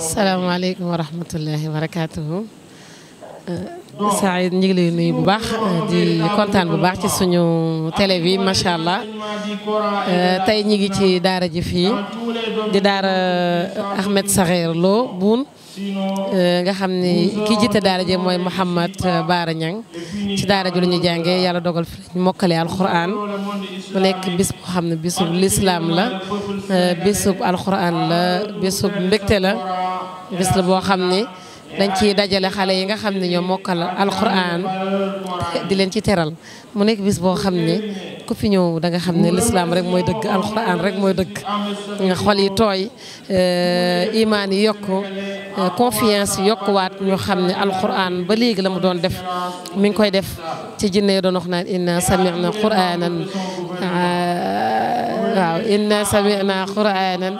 salaamaaleykum wa rahmatullahi wa barakaatuhu euh, Saïd ñu ngi lay nuyu bu baax euh, di kontaan bu baax ci suñu télé bi macha allah euh, tey ñu ngi ci daara ji fii di daara Ahmed Sakhir Lo Boune Euh, nga xam ni ki jiite daara ji mooy Mouhamad euh, Baara Niang ci daara ji la ñu jàngee yàlla dogal fi lañ mokkale alxuraan mu nekk bis boo xam ne bisub lislaam la euh, bisub alxuraan la mbégte la bis boo xam ni dañ ciy dajale xale yi nga xam ne ñoo mokkal alxuraan di leen ci teral mu nekk bis boo xam ne ku fi ñëw da xam ne lislaam rek mooy dëgg alxuraan rek mooy dëgg xol yi tooy imaan yi yokku Euh, confiance yokkuwaat ñu xam ne alquran ba léegi la mu doon def mi ngi koy def ci jinne yi doon wax naan inna samina quranan euh, waaw inna samina quranan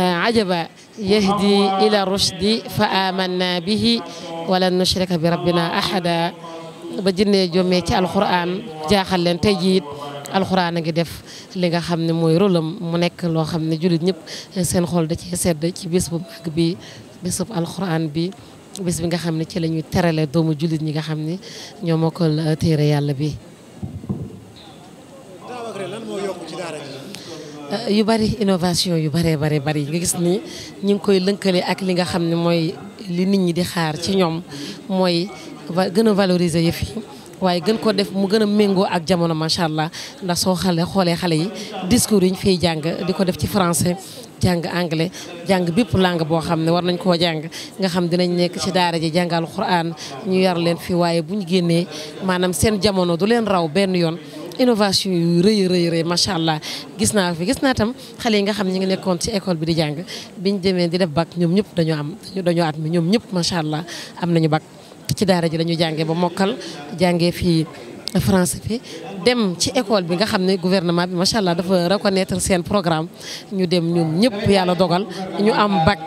euh, ajaba ila rushdi fa amanna bihi walan nushrika bi rabbina ahada ba jinne jommee ci alquran jaaxal leen tey jiit alxuraan a ngi def li nga xam ne mooy rôlam mu nekk loo xam ne jullit ñëpp seen xol da ci sedd ci bis bu mag bi bésub alxuraan bi bés bi nga xam ne ci lañuy ñuy terale doomu jullit ñi nga xam ne ñoo ko euh, téere yàlla bi. Euh, yu bari innovation yu bëree bëri bari nga gis ni ñu ngi koy lënkale ak li nga xam ne mooy li nit ñi di xaar ci ñoom mooy gën a valoriser yëf waaye gën ko def mu gën a méngoo ak jamono macha allah ndax soo xale xoolee xale yi discours yi ñu fiy jàng di ko def ci français. jàng anglais jàng bépp langue boo xam ne war nañ koo jàng nga xam dinañ nekk ci daara ji jàngal Alxuraan ñu yar leen fi waaye bu ñu génnee maanaam seen jamono du leen raw benn yoon innovation yu rëy rëy rëy macha allah gis naa fi gis naa tam xale yi nga xam ñi ngi nekkoon ci école bi di jàng biñ demee di def bac ñoom ñëpp dañoo am dañoo at mi ñoom ñëpp macha allah am nañu bac ci daara ji lañu jàngee ba mokkal jàngee fii français bi dem ci école bi nga xam ne gouvernement bi macha allah dafa reconnaître seen programme ñu dem ñoom ñëpp yàlla dogal ñu am bac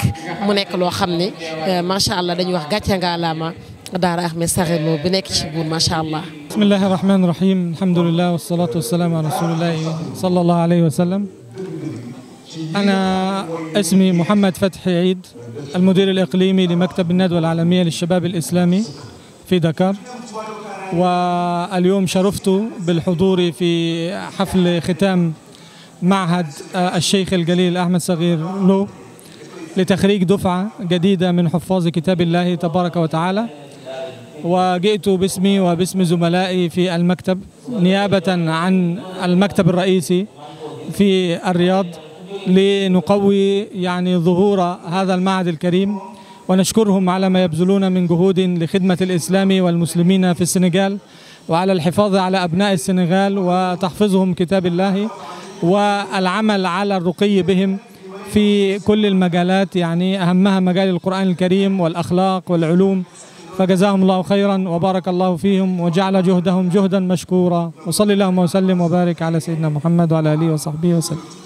mu nekk loo xam ne euh, macha allah dañuy wax gàcce nga alaama daara Ahmed Sakhir bi nekk ci buur macha allah. bismillahi rahmaani rahim alhamdulilah wasalaatu wasalaamu ala rasulillahi sallallahu alayhi wa sallam. ana ismi Mouhamed Fathi Aïd al mudir al iqlimi li maktab al nadwa al alamiya li shabab al islami fi Dakar. واليوم شرفت بالحضور في حفل ختام معهد الشيخ الجليل أحمد صغير لو لتخريج دفعة جديدة من حفاظ كتاب الله تبارك وتعالى وجئت باسمي وباسم زملائي في المكتب نيابة عن المكتب الرئيسي في الرياض لنقوي يعني ظهور هذا المعهد الكريم ونشكرهم على ما يبذلون من جهود لخدمة الإسلام والمسلمين في السنغال وعلى الحفاظ على أبناء السنغال وتحفظهم كتاب الله والعمل على الرقي بهم في كل المجالات يعني أهمها مجال القرآن الكريم والأخلاق والعلوم فجزاهم الله خيرا وبارك الله فيهم وجعل جهدهم جهدا مشكورا وصلى اللهم وسلم وبارك على سيدنا محمد وعلى آله وصحبه وسلم